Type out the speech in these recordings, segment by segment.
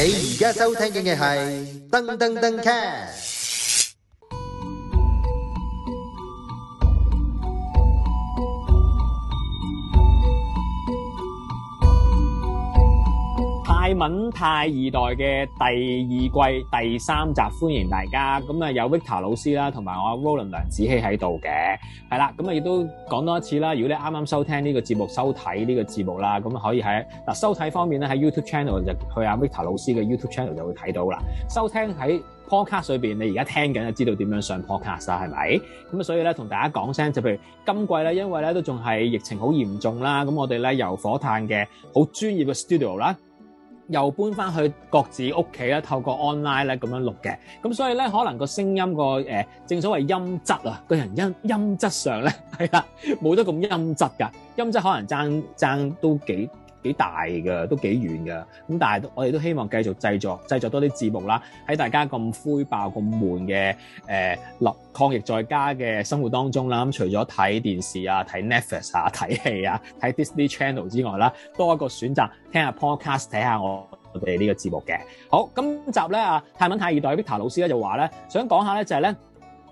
你而家收聽嘅係噔噔噔 cast 係敏泰二代嘅第二季第三集，歡迎大家咁啊！有 Victor 老師啦，同埋我阿 Roland 梁子希喺度嘅係啦。咁啊，亦都講多一次啦。如果你啱啱收聽呢個節目、收睇呢個節目啦，咁可以喺嗱、啊、收睇方面咧，喺 YouTube Channel 就去阿、啊、Victor 老師嘅 YouTube Channel 就會睇到啦。收聽喺 Podcast 裏邊，你而家聽緊就知道點樣上 Podcast 啦，係咪咁啊？所以咧，同大家講聲，就譬如今季咧，因為咧都仲係疫情好嚴重啦，咁我哋咧由火炭嘅好專業嘅 studio 啦。又搬翻去各自屋企啦，透過 online 咧，咁樣錄嘅。咁所以咧，可能個聲音、個誒、呃，正所謂音質啊，個人音音質上咧係啊，冇得咁音質㗎，音質可能爭爭都幾幾大㗎，都幾遠㗎。咁但係我哋都希望繼續製作，製作多啲字幕啦。喺大家咁灰爆、咁悶嘅誒，立、呃、抗疫在家嘅生活當中啦。咁、嗯、除咗睇電視啊、睇 Netflix 啊、睇戲啊、睇、啊啊啊、Disney Channel 之外啦，多一個選擇，聽下 Podcast，睇下我哋呢個節目嘅。好，今集咧啊，泰文泰二代 Peter 老師咧就話咧，想講下咧就係咧，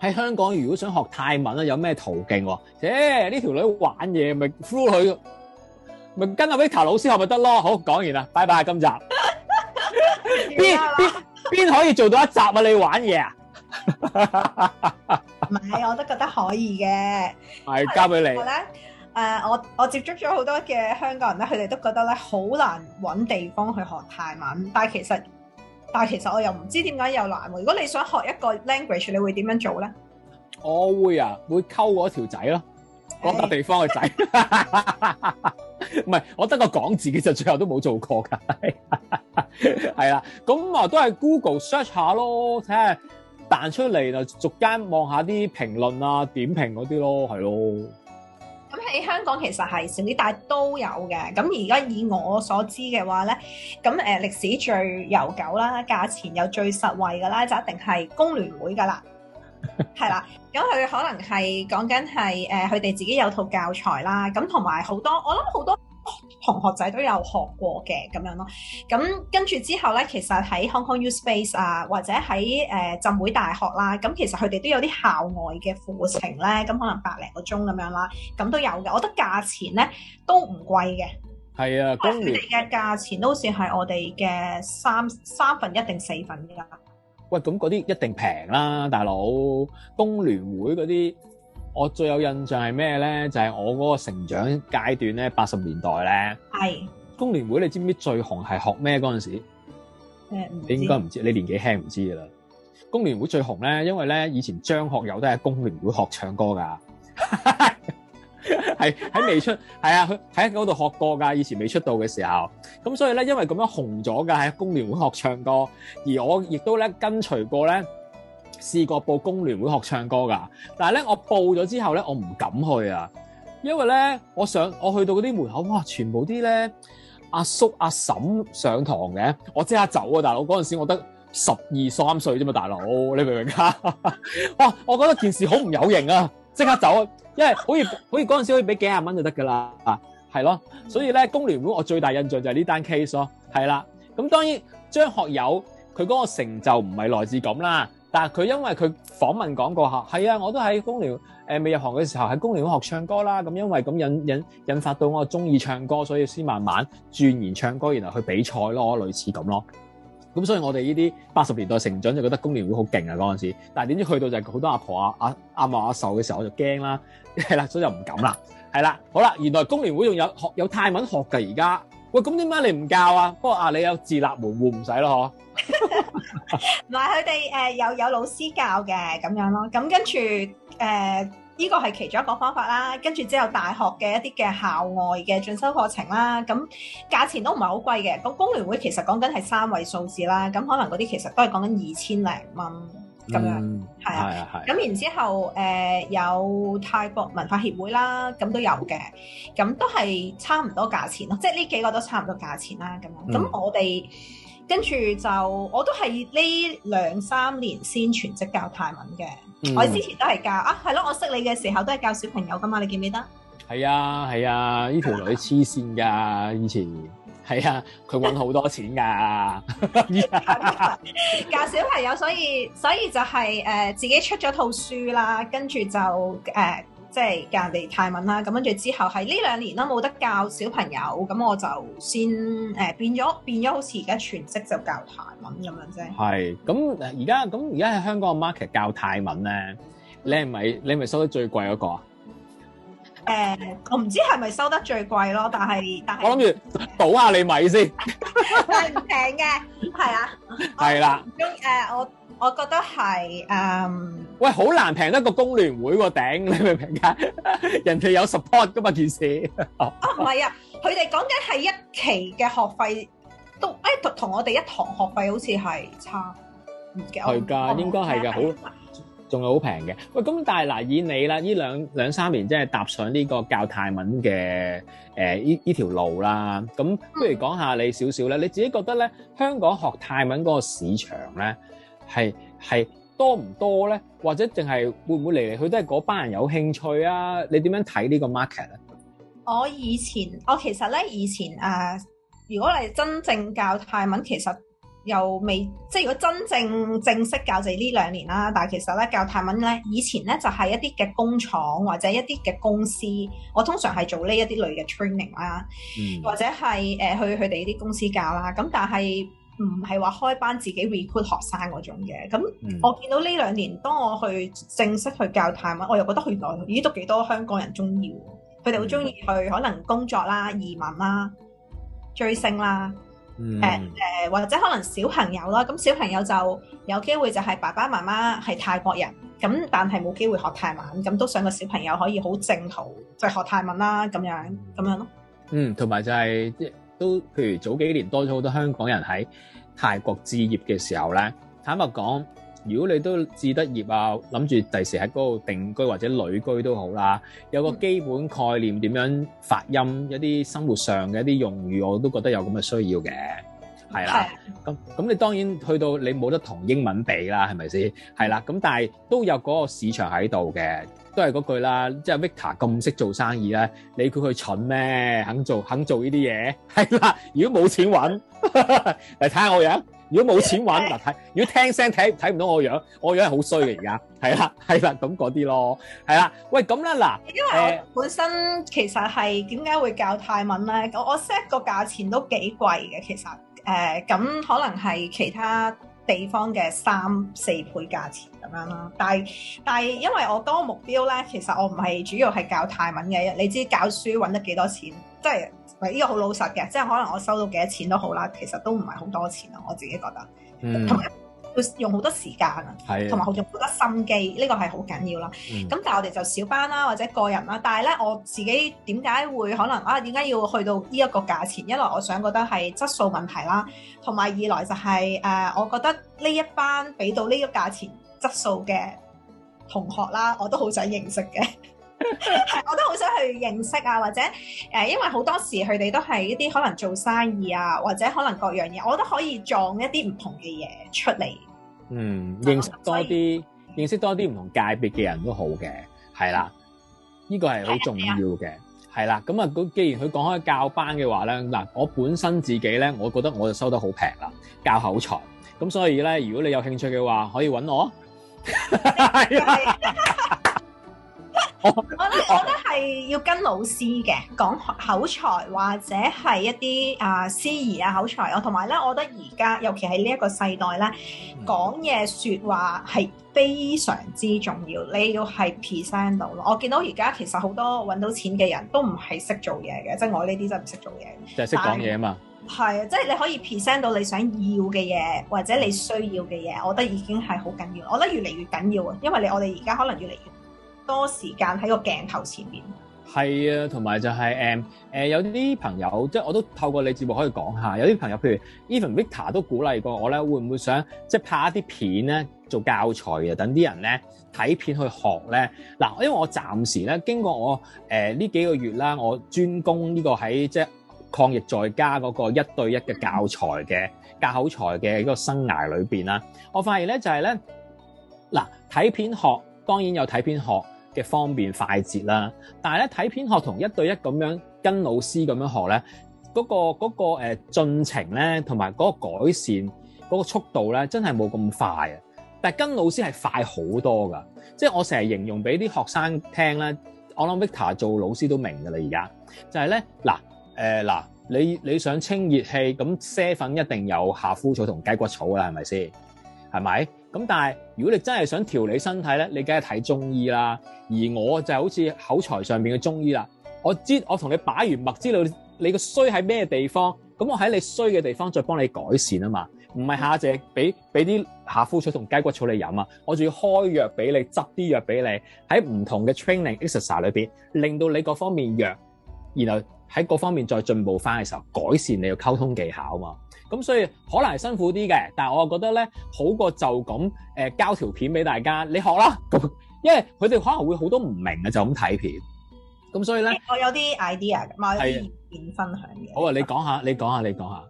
喺香港如果想學泰文咧，有咩途徑喎、啊？切、欸，呢條女玩嘢，咪佢。咪跟阿 Vita 老師學咪得咯。好，講完啦，拜拜、啊。今集邊邊邊可以做到一集啊？你玩嘢啊？唔 係，我都覺得可以嘅。係交俾你咧。誒、呃，我我接觸咗好多嘅香港人咧，佢哋都覺得咧好難揾地方去學泰文。但係其實，但係其實我又唔知點解又難。如果你想學一個 language，你會點樣做咧？我會啊，會溝我條仔咯，嗰、嗰個地方嘅仔。 唔係， 我得個講字，其實最後都冇做過噶，係 啦，咁啊都係 Google search 下咯，睇下彈出嚟就逐間望下啲評論啊、點評嗰啲咯，係咯。咁喺香港其實係少啲，但係都有嘅。咁而家以我所知嘅話咧，咁，誒，歷史最悠久啦，價錢又最實惠噶啦，就一定係工聯會噶啦。係啦，咁佢 可能係講緊係誒，佢、呃、哋自己有套教材啦，咁同埋好多，我諗好多同學仔都有學過嘅咁樣咯。咁、嗯、跟住之後咧，其實喺 Hong Kong U Space 啊，或者喺誒、呃、浸會大學啦，咁、嗯、其實佢哋都有啲校外嘅課程咧，咁、嗯、可能百零個鐘咁樣啦，咁都有嘅。我覺得價錢咧都唔貴嘅，係啊，佢哋嘅價錢都算係我哋嘅三三分一定四分噶。喂，咁嗰啲一定平啦，大佬！工聯會嗰啲，我最有印象係咩咧？就係、是、我嗰個成長階段咧，八十年代咧，係是工聯會。你知唔知最紅係學咩嗰陣時？嗯、你應該唔知，你年紀輕唔知噶啦。工聯會最紅咧，因為咧以前張學友都係工聯會學唱歌噶。 係喺未出，係啊，佢喺嗰度學過噶，以前未出道嘅時候，咁所以咧，因為咁樣紅咗噶，喺工聯會學唱歌，而我亦都咧跟隨過咧，試過報工聯會學唱歌噶，但係咧我報咗之後咧，我唔敢去啊，因為咧，我想我去到嗰啲門口，哇，全部啲咧阿叔阿嬸、啊、上堂嘅，我即刻走啊，大佬，嗰陣時我得十二三歲啫嘛，大佬，你明唔明啊？ 哇，我覺得件事好唔有型啊！即刻走，因為好似好似嗰陣時可以俾幾廿蚊就得㗎啦，係咯。所以咧，工聯會我最大印象就係呢單 case 咯，係啦。咁當然張學友佢嗰個成就唔係來自咁啦，但係佢因為佢訪問講過吓，係啊，我都喺工聯誒、呃、未入行嘅時候喺工聯會學唱歌啦。咁因為咁引引引發到我中意唱歌，所以先慢慢轉而唱歌，然後去比賽咯，類似咁咯。咁所以我哋呢啲八十年代成長就覺得工聯會好勁啊嗰陣時，但係點知去到就係好多阿婆婆啊啊阿嫲阿壽嘅時候我就驚啦，係啦，所以就唔敢啦，係啦，好啦，原來工聯會仲有學有泰文學㗎而家。喂，咁點解你唔教啊？不過啊，你有自立門戶唔使咯嗬？唔係佢哋誒有有老師教嘅咁樣咯，咁跟住誒。呃呢個係其中一個方法啦，跟住之後大學嘅一啲嘅校外嘅進修課程啦，咁價錢都唔係好貴嘅。咁工聯會其實講緊係三位數字啦，咁可能嗰啲其實都係講緊二千零蚊咁樣，係、嗯、啊。咁然之後，誒、呃、有泰國文化協會啦，咁都有嘅，咁都係差唔多價錢咯，即係呢幾個都差唔多價錢啦，咁樣。咁我哋。跟住就，我都係呢兩三年先全職教泰文嘅，嗯、我之前都係教啊，係咯、啊，我識你嘅時候都係教小朋友噶嘛，你記唔記得？係啊係啊，呢條、啊、女黐線噶， 以前係啊，佢揾好多錢噶， 教小朋友，所以所以就係、是、誒、呃、自己出咗套書啦，跟住就誒。呃即係教人哋泰文啦，咁跟住之後喺呢兩年啦，冇得教小朋友，咁我就先誒變咗變咗，變好似而家全職就教泰文咁樣啫。係，咁而家咁而家喺香港嘅 market 教泰文咧，你係咪你係咪收得最貴嗰個啊？誒、呃，我唔知係咪收得最貴咯，但係但係我諗住賭下你咪先，係唔平嘅，係啊，係啦的。誒 我。呃我我覺得係誒、um, 喂，好難平得個工聯會個頂，你明唔明啊？人哋有 support 噶嘛？件事啊唔係啊，佢哋講緊係一期嘅學費都誒同我哋一堂學費好似係差唔嘅係㗎，的應該係㗎，好仲有好平嘅。喂，咁但係嗱，以你啦，呢兩兩三年即係踏上呢個教泰文嘅誒呢呢條路啦，咁不如講下你少少咧。嗯、你自己覺得咧，香港學泰文嗰個市場咧？係係多唔多咧？或者淨係會唔會嚟，嚟去都係嗰班人有興趣啊？你點樣睇呢個 market 咧？我以前我其實咧以前啊，如果你真正教泰文，其實又未即係如果真正正式教就係呢兩年啦。但係其實咧教泰文咧，以前咧就係、是、一啲嘅工廠或者一啲嘅公司，我通常係做呢一啲類嘅 training 啦、嗯，或者係誒、呃、去佢哋啲公司教啦。咁但係。唔係話開班自己 recruit 學生嗰種嘅，咁我見到呢兩年當我去正式去教泰文，我又覺得原來已經都幾多香港人中意，佢哋好中意去可能工作啦、移民啦、追星啦，誒誒、嗯呃呃、或者可能小朋友啦，咁小朋友就有機會就係爸爸媽媽係泰國人，咁但係冇機會學泰文，咁都想個小朋友可以好正途，就係學泰文啦，咁樣咁樣咯。嗯，同埋就係、是。都譬如早幾年多咗好多香港人喺泰國置業嘅時候咧，坦白講，如果你都置得業啊，諗住第時喺嗰度定居或者旅居都好啦，有個基本概念點樣發音，一啲生活上嘅一啲用語，我都覺得有咁嘅需要嘅。係啦，咁咁你當然去到你冇得同英文比啦，係咪先？係啦，咁但係都有嗰個市場喺度嘅，都係嗰句啦。即係 Victor 咁識做生意啦，你估佢蠢咩？肯做肯做呢啲嘢係啦。如果冇錢揾嚟睇下我樣。如果冇錢揾嗱睇，如果聽聲睇睇唔到我樣，我樣係好衰嘅而家。係啦，係啦，咁嗰啲咯。係啦，喂，咁咧嗱，因為本身其實係點解會教泰文咧？我 set 個價錢都幾貴嘅，其實。誒咁、呃、可能係其他地方嘅三四倍價錢咁樣啦，但係但係因為我嗰個目標咧，其實我唔係主要係教泰文嘅，你知教書揾得幾多錢？即係呢、呢個好老實嘅，即係可能我收到幾多錢都好啦，其實都唔係好多錢咯，啊，我自己覺得。嗯 會用好多時間啊，同埋好用好多心機，呢、這個係好緊要啦。咁、嗯、但係我哋就小班啦，或者個人啦。但係咧，我自己點解會可能啊？點解要去到呢一個價錢？一來我想覺得係質素問題啦，同埋二來就係、是、誒、呃，我覺得呢一班俾到呢個價錢質素嘅同學啦，我都好想認識嘅。 我都好想去認識啊，或者誒，因為好多時佢哋都係一啲可能做生意啊，或者可能各樣嘢，我都可以撞一啲唔同嘅嘢出嚟。嗯，嗯，認識多啲，以認識多啲唔同界別嘅人都好嘅，係啦，呢個係好重要嘅，係啦。 咁啊，既然佢講開教班嘅話咧，嗱，我本身自己咧，我覺得我就收得好平啦，教口才。咁所以咧，如果你有興趣嘅話，可以搵我。 我覺得，我覺得係要跟老師嘅講口才，或者係一啲啊司儀啊口才。我同埋咧，我覺得而家尤其係呢一個世代咧，講嘢説話係非常之重要。你要係 present 到咯。我見到而家其實好多揾到錢嘅人都唔係識做嘢嘅，即係我呢啲真係唔識做嘢，就係識講嘢啊嘛。係啊，即係你可以 present 到你想要嘅嘢，或者你需要嘅嘢，我覺得已經係好緊要。我覺得越嚟越緊要啊，因為你我哋而家可能越嚟越。多時間喺個鏡頭前面。係啊，同埋就係誒誒，有啲朋友即係我都透過你節目可以講下，有啲朋友譬如 Evan Victor 都鼓勵過我咧，會唔會想即係拍一啲片咧做教材啊？等啲人咧睇片去學咧。嗱，因為我暫時咧經過我誒呢、呃、幾個月啦，我專攻呢個喺即係抗疫在家嗰個一對一嘅教材嘅教口才嘅一個生涯裏邊啦，我發現咧就係咧嗱，睇片學，當然有睇片學。嘅方便快捷啦，但係咧睇片學同一對一咁樣跟老師咁樣學咧，嗰個嗰個誒進程咧，同埋嗰個改善嗰個速度咧，真係冇咁快啊！但係跟老師係快好多㗎，即係我成日形容俾啲學生聽咧，我諗 Victor 做老師都明㗎啦，而家就係咧嗱誒嗱，你你想清熱氣，咁啡粉一定有夏枯草同雞骨草啦，係咪先？係咪？咁但係如果你真係想調理身體咧，你梗係睇中醫啦。而我就好似口才上面嘅中醫啦。我知我同你把完脈之後，知道你個衰喺咩地方，咁我喺你衰嘅地方再幫你改善啊嘛。唔係下只俾俾啲夏枯草同雞骨草你飲啊，我仲要開藥俾你，執啲藥俾你，喺唔同嘅 training exercise 裏邊，令到你各方面弱，然後喺各方面再進步翻嘅時候，改善你嘅溝通技巧啊嘛。咁所以可能係辛苦啲嘅，但係我覺得咧好過就咁誒交條片俾大家，你學啦。因為佢哋可能會好多唔明啊，就咁睇片。咁所以咧，我有啲 idea，的我有啲意見分享嘅。好啊，這個、你講下，你講下，你講下。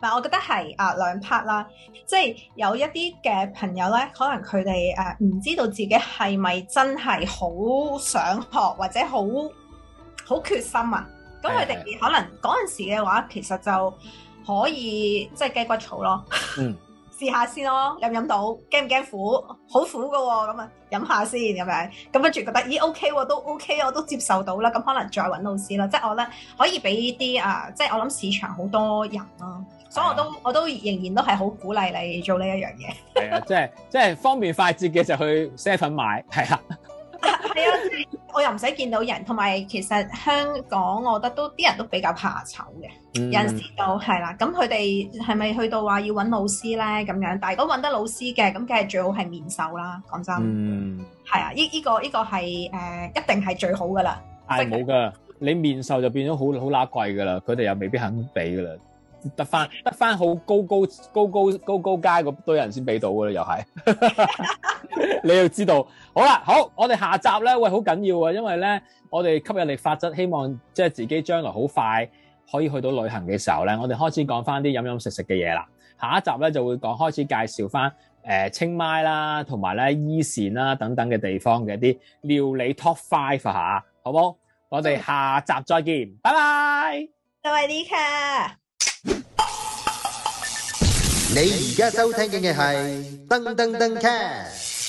嗱，我覺得係啊，兩 part 啦，即、就、係、是、有一啲嘅朋友咧，可能佢哋誒唔知道自己係咪真係好想學，或者好好決心啊。咁佢哋可能嗰陣時嘅話，其實就～可以即係雞骨草咯，試下先咯，飲唔飲到驚唔驚苦？好苦噶咁啊，飲下先咁樣，咁啊，跟住覺得咦 OK 喎，都 OK，我都接受到啦。咁可能再搵老師啦，即係我呢可以俾啲啊，即係我諗市場好多人咯、啊，所以我都，是、啊、我，都我都仍然都係好鼓勵你做呢一樣嘢。係啊，即係即係方便快捷嘅 就去 Seven 買，係啊。係啊， 我又唔使見到人，同埋其實香港，我覺得都啲人都比較怕醜嘅，嗯、有陣時就係啦。咁佢哋係咪去到話要揾老師咧咁樣？但係如果揾得老師嘅，咁梗係最好係面授啦。講真，係啊、嗯，呢依、呢個、呢個係誒、呃，一定係最好噶啦。係冇噶，你面授就變咗好好乸貴噶啦，佢哋又未必肯俾噶啦。得翻得翻好高高高高高高街嗰堆人先俾到噶啦，又係 你要知道。好啦，好，我哋下集咧，喂，好緊要啊，因為咧，我哋吸引力法則，希望即係自己將來好快可以去到旅行嘅時候咧，我哋開始講翻啲飲飲食食嘅嘢啦。下一集咧就會講開始介紹翻誒、呃、清邁啦，同埋咧伊善啦等等嘅地方嘅一啲料理 Top Five 吓、啊，好冇？我哋下集再見，拜拜、嗯，多謝你你而家收聽嘅係噔噔噔 cast。